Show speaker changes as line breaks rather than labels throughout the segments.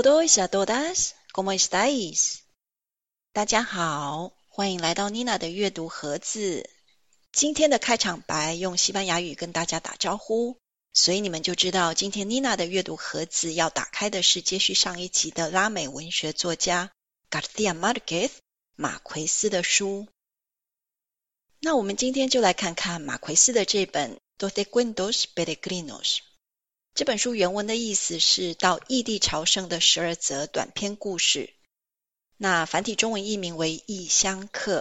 t 大家好，歡迎來到 Nina 的閱讀盒子。今天的開場白用西班牙語跟大家打招呼，所以你們就知道今天 Nina 的閱讀盒子要打開的是接續上一集的拉美文學作家 García Márquez 馬奎斯的書。那我們今天就來看看馬奎斯的這本《Doce cuentos peregrinos》。這本書原文的意思是到異地朝聖的十二則短篇故事。那繁體中文譯名為《異鄉客》。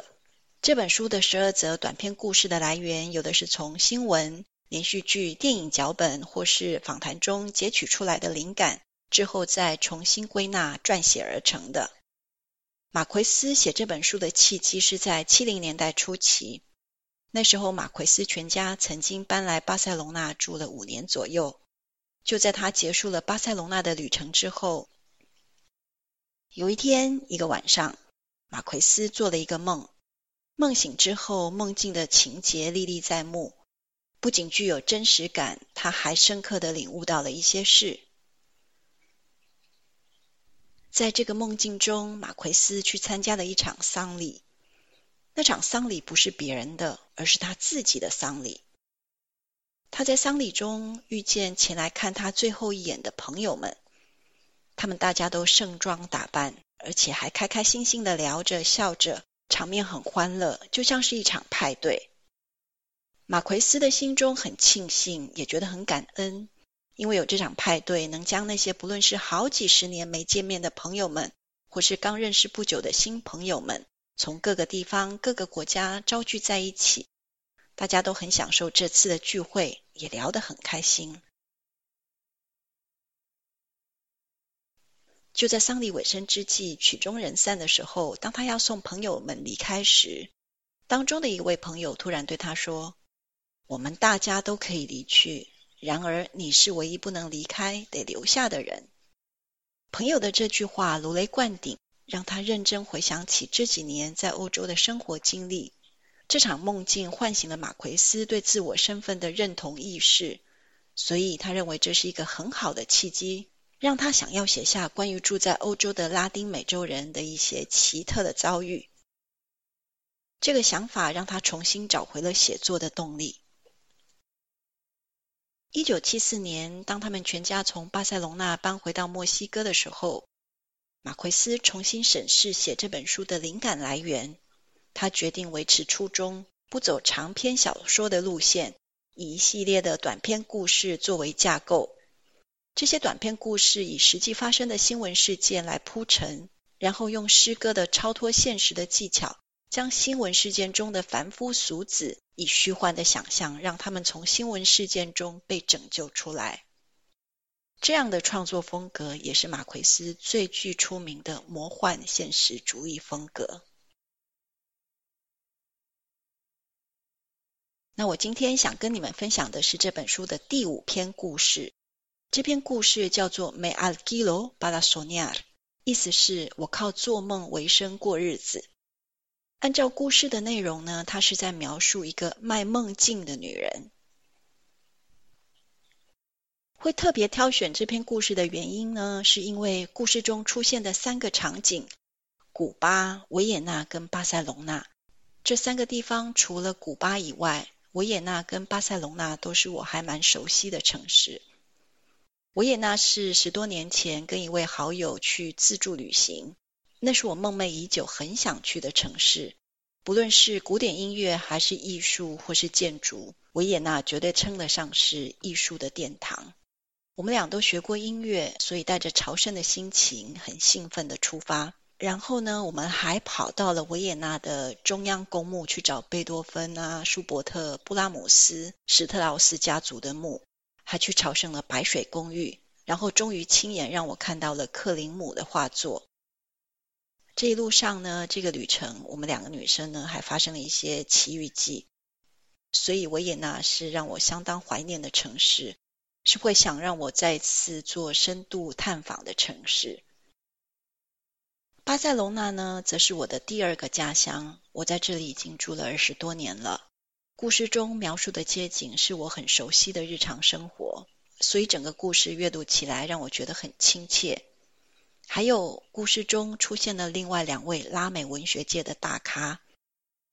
這本書的十二則短篇故事的來源，有的是從新聞、連續劇、電影腳本或是訪談中截取出來的靈感，之後再重新歸納撰寫而成的。馬奎斯寫這本書的契機是在七零年代初期，那時候馬奎斯全家曾經搬來巴塞隆納住了五年左右。就在他結束了巴塞隆納的旅程之後，有一天，一個晚上，馬奎斯做了一個夢。夢醒之後，夢境的情節歷歷在目，不僅具有真實感，他還深刻地領悟到了一些事。在這個夢境中，馬奎斯去參加了一場喪禮，那場喪禮不是別人的，而是他自己的喪禮。他在喪禮中遇見前來看他最後一眼的朋友們，他們大家都盛裝打扮，而且還開開心心的聊着、笑着，場面很歡樂，就像是一場派對。馬奎斯的心中很慶幸，也覺得很感恩，因為有這場派對，能將那些不論是好幾十年沒見面的朋友們，或是剛認識不久的新朋友們，從各個地方、各個國家招聚在一起。大家都很享受這次的聚會，也聊得很開心。就在桑尼尾聲之際，曲終人散的時候，當他要送朋友們離開時，當中的一位朋友突然對他說：“我們大家都可以離去，然而你是唯一不能離開、得留下的人。”朋友的這句話如雷貫頂，讓他認真回想起這幾年在歐洲的生活經歷。這場夢境喚醒了馬奎斯對自我身份的認同意識，所以他認為這是一個很好的契機，讓他想要寫下關於住在歐洲的拉丁美洲人的一些奇特的遭遇。這個想法讓他重新找回了寫作的動力。一九七四年，當他們全家從巴塞隆納搬回到墨西哥的時候，馬奎斯重新審視寫這本書的靈感來源。他決定維持初衷，不走長篇小說的路線，以一系列的短篇故事作為架構。這些短篇故事以實際發生的新聞事件來鋪陳，然後用詩歌的超脫現實的技巧，將新聞事件中的凡夫俗子以虛幻的想象，讓他們從新聞事件中被拯救出來。這樣的創作風格也是馬奎斯最具出名的魔幻現實主義風格。那我今天想跟你們分享的是這本書的第五篇故事。這篇故事叫做 Me alquilo para soñar，意思是“我靠做夢為生過日子”。按照故事的內容呢，它是在描述一個賣夢境的女人。會特別挑選這篇故事的原因呢，是因為故事中出現的三個場景：古巴、維也納跟巴塞隆納。這三個地方，除了古巴以外，維也納跟巴塞隆納都是我還蠻熟悉的城市。維也納是十多年前跟一位好友去自助旅行，那是我夢寐已久、很想去的城市。不論是古典音樂，還是藝術，或是建築，維也納絕對稱得上是藝術的殿堂。我們倆都學過音樂，所以帶着朝聖的心情，很興奮的出發。然後呢，我們還跑到了維也納的中央公墓去找貝多芬啊、舒伯特、布拉姆斯、史特勞斯家族的墓，還去朝聖了白水公寓，然後終於親眼讓我看到了克林姆的畫作。這一路上呢，這個旅程我們兩個女生呢還發生了一些奇遇記，所以維也納是讓我相當懷念的城市，是會想讓我再次做深度探訪的城市。巴塞隆納呢，則是我的第二個家鄉。我在這裡已經住了二十多年了。故事中描述的街景是我很熟悉的日常生活，所以整個故事閱讀起來讓我覺得很親切。還有故事中出現了另外兩位拉美文學界的大咖，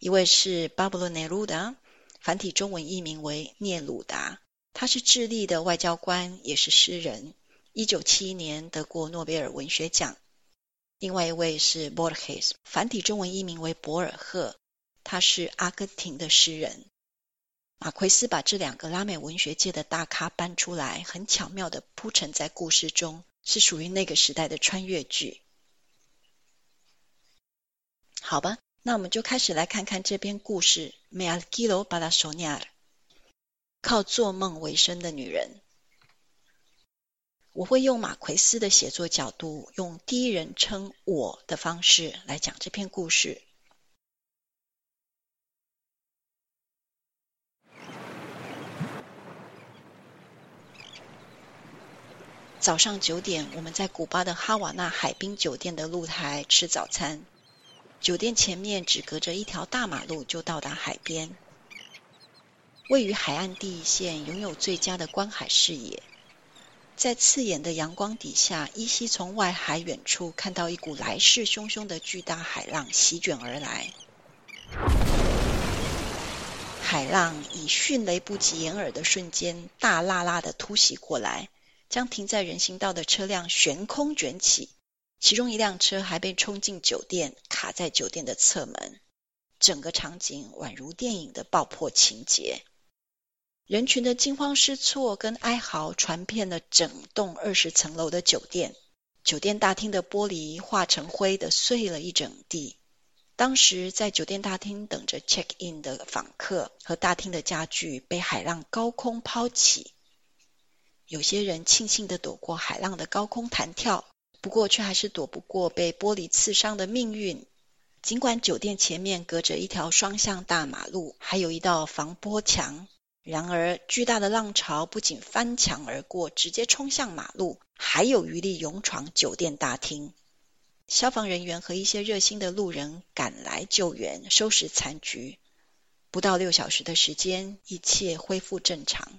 一位是巴布羅·內魯達，繁體中文譯名為聶魯達，他是智利的外交官，也是詩人，一九七一年得過諾貝爾文學獎。另外一位是 Borges，繁體中文譯名為博爾赫，他是阿根廷的詩人。馬奎斯把這兩個拉美文學界的大咖搬出來，很巧妙地鋪陳在故事中，是屬於那個時代的穿越劇。好吧，那我們就開始來看看這篇故事，Me alquilo para soñar，靠做夢為生的女人。我會用馬奎斯的寫作角度，用第一人稱我的方式來講這篇故事。早上九點，我們在古巴的哈瓦那海濱酒店的露台吃早餐。酒店前面只隔着一條大馬路就到達海邊，位於海岸第一線，擁有最佳的觀海視野。在刺眼的陽光底下，依稀從外海遠處看到一股來勢洶洶的巨大海浪席捲而來。海浪以迅雷不及掩耳的瞬間，大喇喇的突襲過來，將停在人行道的車輛懸空捲起，其中一輛車還被衝進酒店，卡在酒店的側門。整個場景宛如電影的爆破情節。人群的驚慌失措跟哀嚎傳遍了整棟二十層樓的酒店，酒店大廳的玻璃化成灰的碎了一整地。當時在酒店大廳等着 check in 的訪客和大廳的家具被海浪高空拋起，有些人慶幸地躲過海浪的高空彈跳，不過卻還是躲不過被玻璃刺傷的命運。儘管酒店前面隔着一條雙向大馬路，還有一道防波牆。然而，巨大的浪潮不僅翻牆而過，直接衝向馬路，還有餘力勇闖酒店大廳。消防人員和一些熱心的路人趕來救援，收拾殘局。不到六小時的時間，一切恢復正常。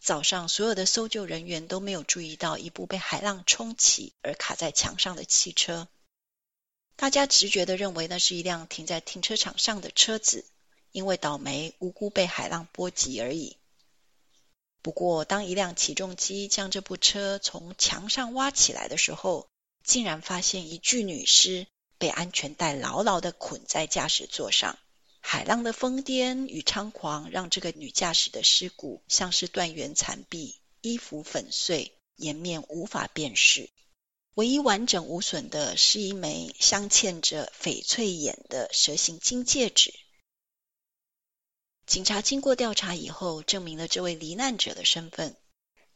早上，所有的搜救人員都沒有注意到一部被海浪衝起而卡在牆上的汽車。大家直覺地認為那是一輛停在停車場上的車子。因為倒霉，無辜被海浪波及而已。不過，當一輛起重機將這部車從牆上挖起來的時候，竟然發現一具女屍被安全帶牢牢地捆在駕駛座上。海浪的瘋癲與猖狂，讓這個女駕駛的屍骨像是斷垣殘壁，衣服粉碎，顏面無法辨識。唯一完整無損的，是一枚鑲嵌着翡翠眼的蛇形金戒指。警察經過調查以後，證明了這位罹難者的身份。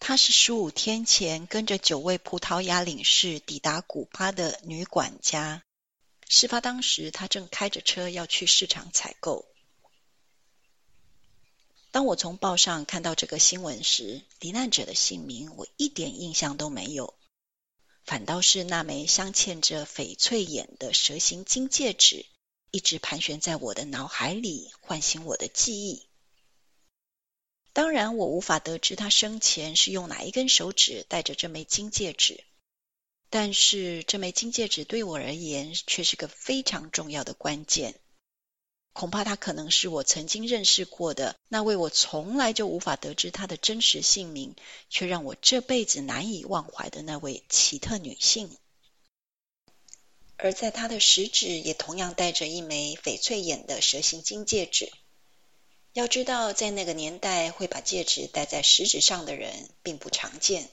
她是十五天前跟着九位葡萄牙領事抵達古巴的女管家。事發當時，她正開着車要去市場採購。當我從報上看到這個新聞時，罹難者的姓名我一點印象都沒有，反倒是那枚鑲嵌嵌著翡翠眼的蛇形金戒指。一直盤旋在我的腦海裡，喚醒我的記憶。當然，我無法得知她生前是用哪一根手指戴着這枚金戒指，但是這枚金戒指對我而言卻是個非常重要的關鍵。恐怕她可能是我曾經認識過的那位，我從來就無法得知她的真實姓名，卻讓我這輩子難以忘懷的那位奇特女性。而在他的食指也同樣戴着一枚翡翠眼的蛇形金戒指。要知道，在那個年代，會把戒指戴在食指上的人並不常見。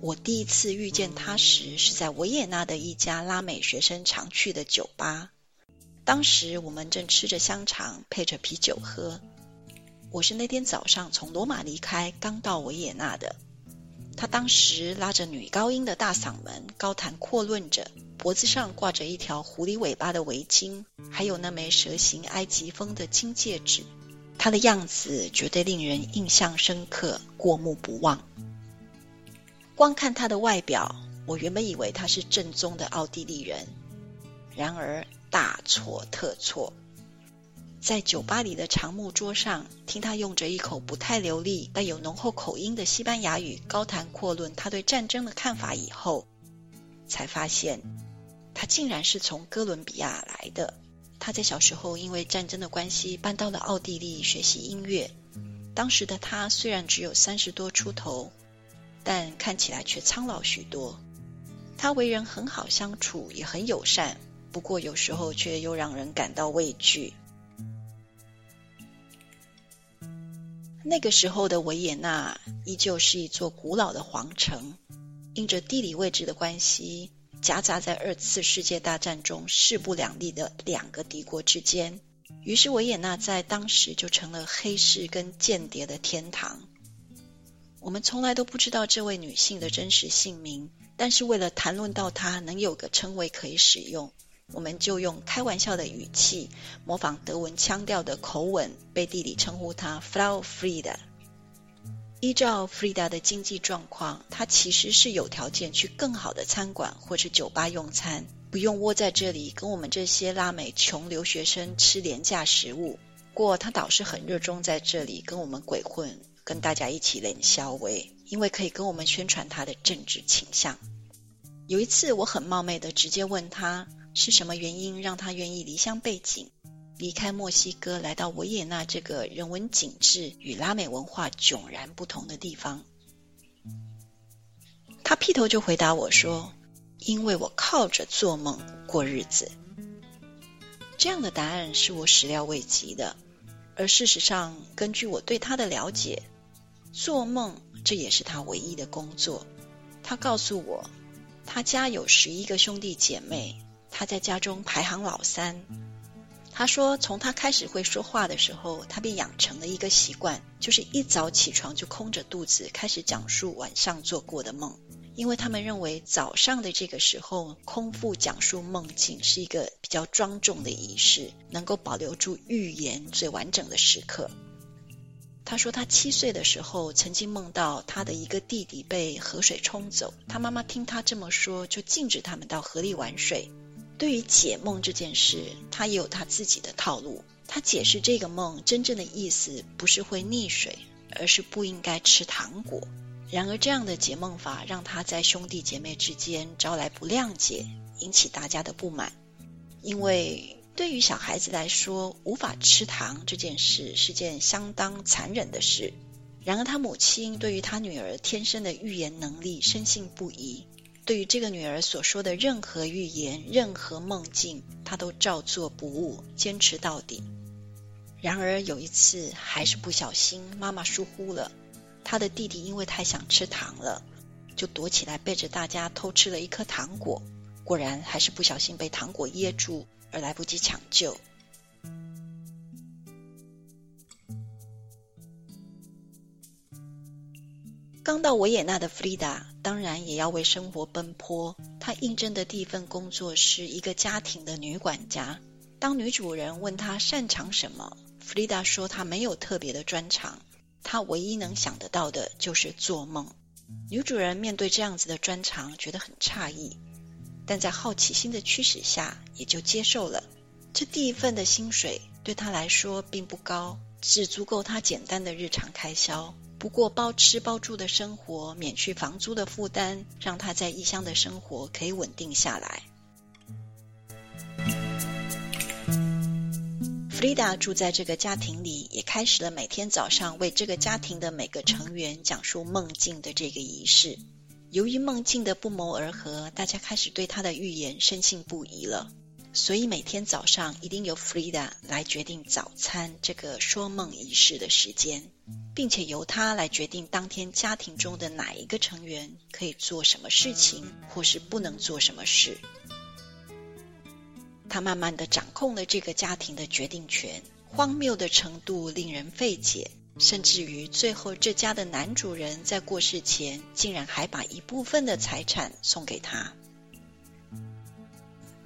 我第一次遇見他時，是在維也納的一家拉美學生常去的酒吧。當時我們正吃着香腸，配着啤酒喝。我是那天早上從羅馬離開，剛到維也納的。他當時拉着女高音的大嗓門，高談闊論着，脖子上掛着一條狐狸尾巴的圍巾，還有那枚蛇形埃及風的金戒指。他的樣子絕對令人印象深刻，過目不忘。光看他的外表，我原本以為他是正宗的奧地利人。然而，大錯特錯！在酒吧裡的長木桌上，聽他用着一口不太流利、帶有濃厚口音的西班牙語高談闊論他對戰爭的看法以後，才發現他竟然是從哥倫比亞來的。他在小時候因為戰爭的關係搬到了奧地利學習音樂。當時的他雖然只有三十多出頭，但看起來卻蒼老許多。他為人很好，相處，也很友善。不過，有時候卻又讓人感到畏懼。那個時候的維也納依舊是一座古老的皇城，因着地理位置的關係，夾雜在二次世界大戰中勢不兩立的兩個敵國之間。於是，維也納在當時就成了黑市跟間諜的天堂。我們從來都不知道這位女性的真實姓名，但是為了談論到她，能有個稱謂可以使用。我們就用開玩笑的語氣，模仿德文腔調的口吻，背地裡稱呼他 Frau Frida。依照 Frida 的經濟狀況，她其實是有條件去更好的餐館或是酒吧用餐，不用窩在這裡跟我們這些拉美窮留學生吃廉價食物。不過她倒是很熱衷在這裡跟我們鬼混，跟大家一起冷笑威，因為可以跟我們宣傳她的政治傾向。有一次，我很冒昧地直接問他。是什麼原因讓他願意離鄉背井，離開墨西哥，來到維也納這個人文景致與拉美文化迥然不同的地方？他劈頭就回答我說：“因為我靠着做夢過日子。”這樣的答案是我始料未及的。而事實上，根據我對他的了解，做夢這也是他唯一的工作。他告訴我，他家有十一個兄弟姐妹。他在家中排行老三。他說，從他開始會說話的時候，他便養成了一個習慣，就是一早起床就空着肚子開始講述晚上做過的夢。因為他們認為早上的這個時候空腹講述夢境是一個比較莊重的儀式，能夠保留住預言最完整的時刻。他說，他七歲的時候曾經夢到他的一個弟弟被河水沖走，他媽媽聽他這麼說，就禁止他們到河裡玩水。對於解夢這件事，他也有他自己的套路。他解釋這個夢真正的意思，不是會溺水，而是不應該吃糖果。然而，這樣的解夢法讓他在兄弟姐妹之間招來不諒解，引起大家的不滿。因為對於小孩子來說，無法吃糖這件事是件相當殘忍的事。然而，他母親對於她女兒天生的預言能力深信不疑。對於這個女兒所說的任何預言、任何夢境，她都照做不誤，堅持到底。然而有一次，還是不小心，媽媽疏忽了。她的弟弟因為太想吃糖了，就躲起來背着大家偷吃了一顆糖果。果然還是不小心被糖果噎住，而來不及搶救。剛到維也納的弗里達，當然也要為生活奔波。她應徵的第一份工作是一個家庭的女管家。當女主人問她擅長什麼，弗里達說她沒有特別的專長，她唯一能想得到的就是做夢。女主人面對這樣子的專長覺得很詫異，但在好奇心的驅使下，也就接受了。這第一份的薪水對她來說並不高，只足夠她簡單的日常開銷。不過包吃包住的生活，免去房租的負擔，讓他在異鄉的生活可以穩定下來。弗里達住在這個家庭裡，也開始了每天早上為這個家庭的每個成員講述夢境的這個儀式。由於夢境的不謀而合，大家開始對他的預言深信不疑了。所以每天早上一定由弗里達來決定早餐這個說夢儀式的時間，並且由他來決定當天家庭中的哪一個成員可以做什麼事情，或是不能做什麼事。他慢慢地掌控了這個家庭的決定權，荒謬的程度令人費解，甚至於最後這家的男主人在過世前，竟然還把一部分的財產送給他。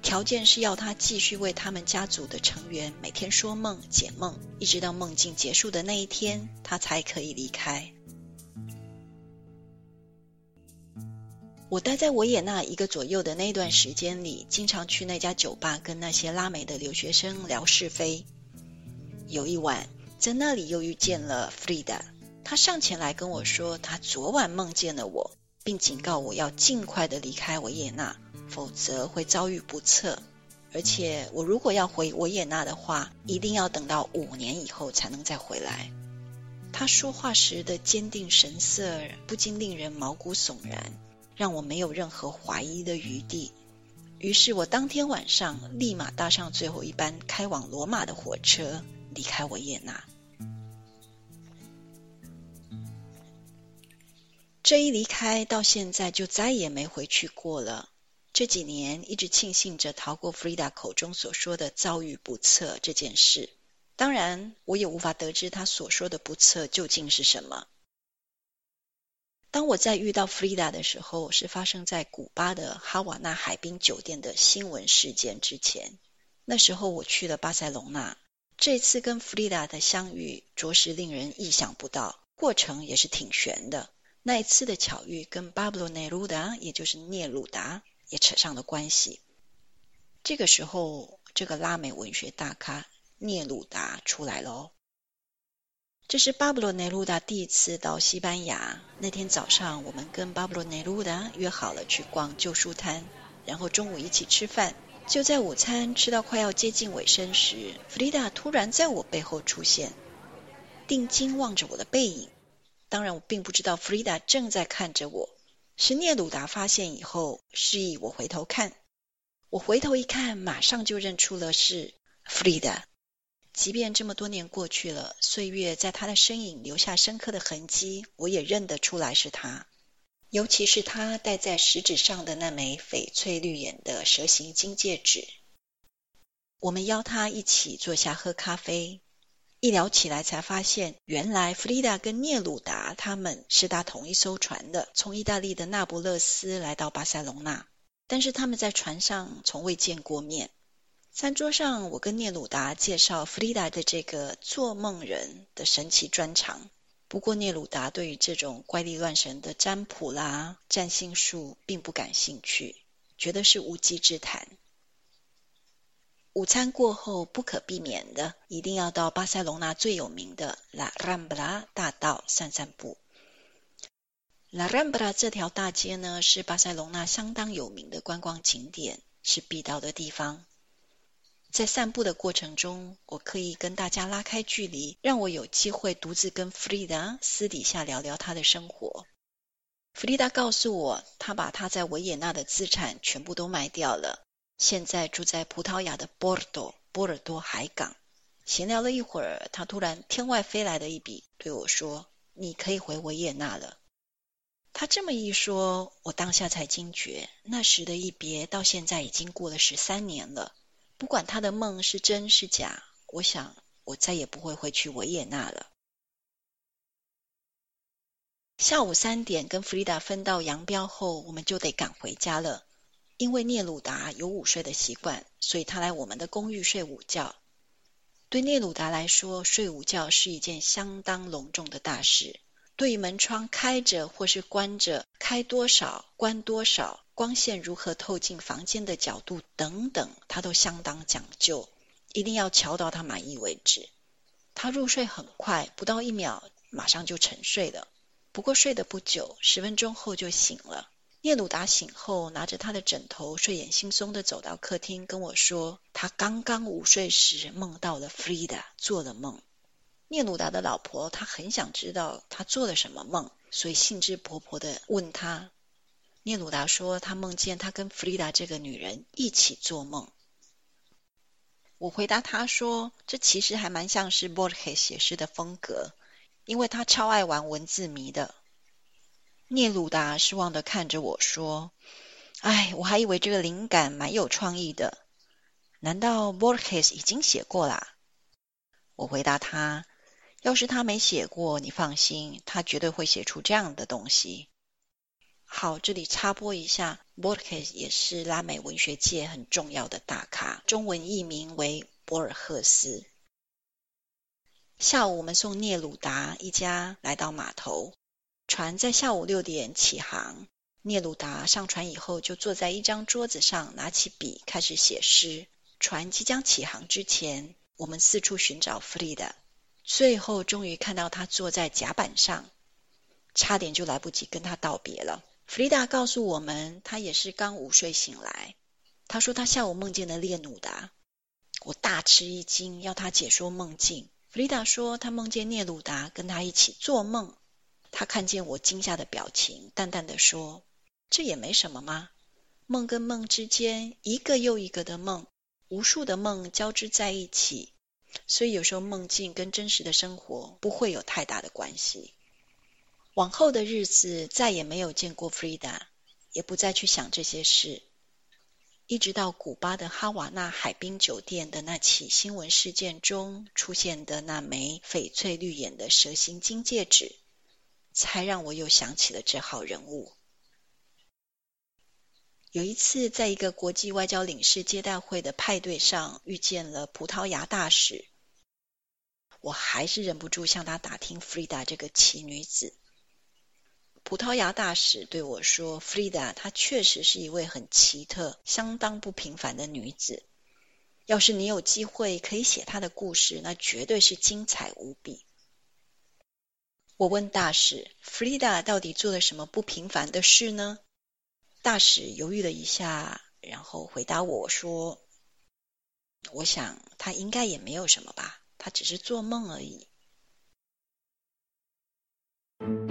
條件是要他繼續為他們家族的成員每天說夢解夢，一直到夢境結束的那一天，他才可以離開。我待在維也納一個左右的那段時間裡，經常去那家酒吧跟那些拉美的留學生聊是非。有一晚在那裡又遇見了 Frida，他上前來跟我說他昨晚夢見了我，並警告我要盡快的離開維也納。否則會遭遇不測，而且我如果要回維也納的話，一定要等到五年以後才能再回來。他說話時的堅定神色，不禁令人毛骨悚然，讓我沒有任何懷疑的餘地。於是，我當天晚上立馬搭上最後一班開往羅馬的火車，離開維也納。這一離開，到現在就再也沒回去過了。這幾年一直慶幸着逃過 Frida 口中所說的遭遇不測這件事，當然我也無法得知他所說的不測究竟是什麼。當我在遇到 Frida 的時候，是發生在古巴的哈瓦那海濱酒店的新聞事件之前。那時候我去了巴塞隆納，這次跟 Frida 的相遇着實令人意想不到，過程也是挺懸的。那一次的巧遇跟巴勃羅·聶魯達，也就是聶魯達。也扯上了關係。這個時候，這個拉美文學大咖聶魯達出來了哦。這是巴勃羅·聶魯達第一次到西班牙。那天早上，我們跟巴勃羅·聶魯達約好了去逛舊書攤，然後中午一起吃飯。就在午餐吃到快要接近尾聲時，弗里達突然在我背後出現，定睛望着我的背影。當然，我並不知道弗里達正在看着我。是聶魯達發現以後，示意我回頭看。我回頭一看，馬上就認出了是弗里達。即便這麼多年過去了，歲月在她的身影留下深刻的痕跡，我也認得出來是她。尤其是她戴在食指上的那枚翡翠綠眼的蛇形金戒指。我們邀她一起坐下喝咖啡。一聊起來才發現，原來弗里達跟聶魯達他們是搭同一艘船的，從意大利的那不勒斯來到巴塞隆納。但是他們在船上從未見過面。餐桌上，我跟聶魯達介紹弗里達的這個做夢人的神奇專長，不過聶魯達對於這種怪力亂神的占卜啦、占星術並不感興趣，覺得是無稽之談。午餐過後，不可避免的，一定要到巴塞羅那最有名的 La Rambla 大道散散步。La Rambla 這條大街呢，是巴塞羅那相當有名的觀光景點，是必到的地方。在散步的過程中，我可以跟大家拉開距離，讓我有機會獨自跟 Frida 私底下聊聊她的生活。Frida 告訴我，她把她在維也納的資產全部都賣掉了。現在住在葡萄牙的波爾多，波爾多海港。閒聊了一會兒，他突然天外飛來的一筆對我說：“你可以回維也納了。”他這麼一說，我當下才驚覺，那時的一別到現在已經過了十三年了。不管他的夢是真是假，我想我再也不會回去維也納了。下午三點跟弗里達分道揚鑣後，我們就得趕回家了。因為聶魯達有午睡的習慣，所以他來我們的公寓睡午覺。對聶魯達來說，睡午覺是一件相當隆重的大事。對於門窗開着或是關着、開多少、關多少、光線如何透進房間的角度等等，他都相當講究，一定要瞧到他滿意為止。他入睡很快，不到一秒，馬上就沉睡了。不過睡得不久，十分鐘後就醒了。聶魯達醒後，拿着他的枕頭，睡眼惺忪的走到客廳，跟我說：“他剛剛午睡時夢到了弗里達，做了夢。”聶魯達的老婆她很想知道他做了什麼夢，所以興致勃勃的問他。聶魯達說他夢見他跟弗里達這個女人一起做夢。我回答他說：“這其實還蠻像是博爾赫斯寫詩的風格，因為他超愛玩文字謎的。”聶魯達失望地看着我說：“哎，我還以為這個靈感蠻有創意的，難道博爾赫斯已經寫過啦？”我回答他：“要是他沒寫過，你放心，他絕對會寫出這樣的東西。”好，這裡插播一下，博爾赫斯也是拉美文學界很重要的大咖，中文譯名為博爾赫斯。下午，我們送聶魯達一家來到碼頭。船在下午六點起航。聶魯達上船以後，就坐在一張桌子上，拿起筆開始寫詩。船即將起航之前，我們四處尋找弗里達，最後終於看到他坐在甲板上，差點就來不及跟他道別了。弗里達告訴我們，他也是剛午睡醒來。他說他下午夢見了聶魯達。我大吃一驚，要他解說夢境。弗里達說他夢見聶魯達跟他一起做夢。他看見我驚嚇的表情，淡淡地說：“這也沒什麼嗎？夢跟夢之間，一個又一個的夢，無數的夢交織在一起，所以有時候夢境跟真實的生活不會有太大的關係。”往後的日子再也沒有見過 Frida，也不再去想這些事，一直到古巴的哈瓦那海濱酒店的那起新聞事件中出現的那枚翡翠綠眼的蛇形金戒指。才讓我又想起了這號人物。有一次，在一個國際外交領事接待會的派對上，遇見了葡萄牙大使，我還是忍不住向他打聽弗里達這個奇女子。葡萄牙大使對我說：“弗里達，她確實是一位很奇特、相當不平凡的女子。要是你有機會可以寫她的故事，那絕對是精彩無比。”我問大使：“弗里達到底做了什麼不平凡的事呢？”大使猶豫了一下，然後回答我說：“我想他應該也沒有什麼吧，他只是做夢而已。嗯。”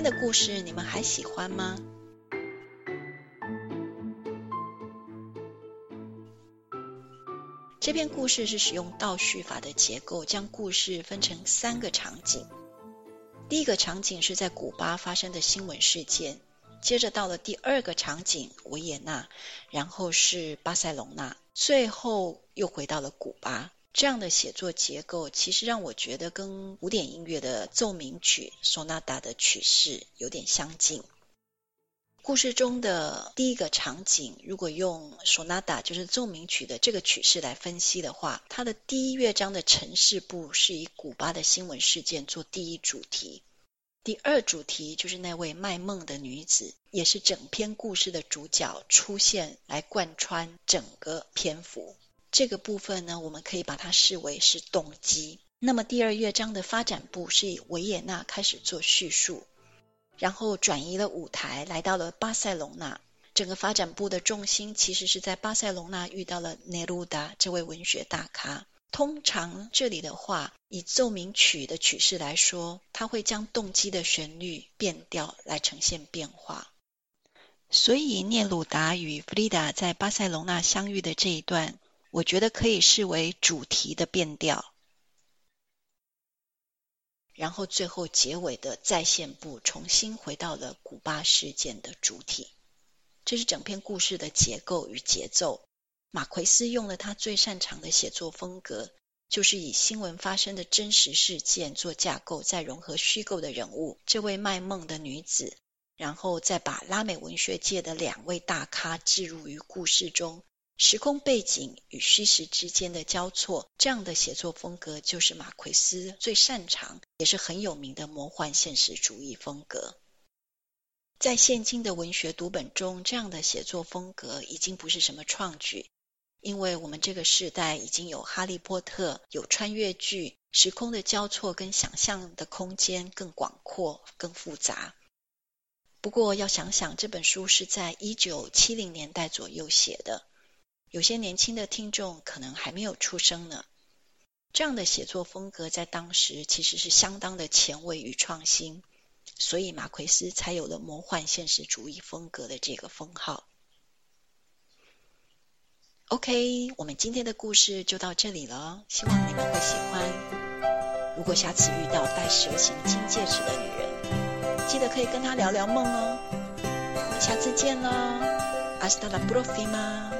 今天的故事你們還喜歡嗎？這篇故事是使用倒敘法的結構，將故事分成三個場景。第一個場景是在古巴發生的新聞事件，接着到了第二個場景維也納，然後是巴塞隆納，最後又回到了古巴。這樣的寫作結構，其實讓我覺得跟古典音樂的奏鳴曲、sonata 的曲式有點相近。故事中的第一個場景，如果用 sonata 就是奏鳴曲的這個曲式來分析的話，它的第一樂章的呈示部是以古巴的新聞事件做第一主題，第二主題就是那位賣夢的女子，也是整篇故事的主角出現，來貫穿整個篇幅。這個部分呢，我們可以把它視為是動機。那麼第二樂章的發展部是以維也納開始做敘述，然後轉移了舞台，來到了巴塞隆納。整個發展部的重心其實是在巴塞隆納遇到了聶魯達這位文學大咖。通常這裡的話，以奏鳴曲的曲式來說，它會將動機的旋律變調來呈現變化。所以聶魯達與弗里達在巴塞隆納相遇的這一段。我覺得可以視為主題的變調，然後最後結尾的再現部重新回到了古巴事件的主體，這是整篇故事的結構與節奏。馬奎斯用了他最擅長的寫作風格，就是以新聞發生的真實事件做架構，再融合虛構的人物——這位賣夢的女子，然後再把拉美文學界的兩位大咖置入於故事中。時空背景與虛實之間的交錯，這樣的寫作風格就是馬奎斯最擅長，也是很有名的魔幻現實主義風格。在現今的文學讀本中，這樣的寫作風格已經不是什麼創舉，因為我們這個時代已經有《哈利波特》，有穿越劇，時空的交錯跟想象的空間更廣闊、更複雜。不過，要想想這本書是在一九七零年代左右寫的。有些年輕的聽眾可能還沒有出生呢。這樣的寫作風格在當時其實是相當的前衛與創新，所以馬奎斯才有了“魔幻現實主義”風格的這個封號。OK，我們今天的故事就到這裡了，希望你們會喜歡。如果下次遇到戴蛇形金戒指的女人，記得可以跟她聊聊夢哦。我們下次見嘍，阿斯特拉布洛菲嗎？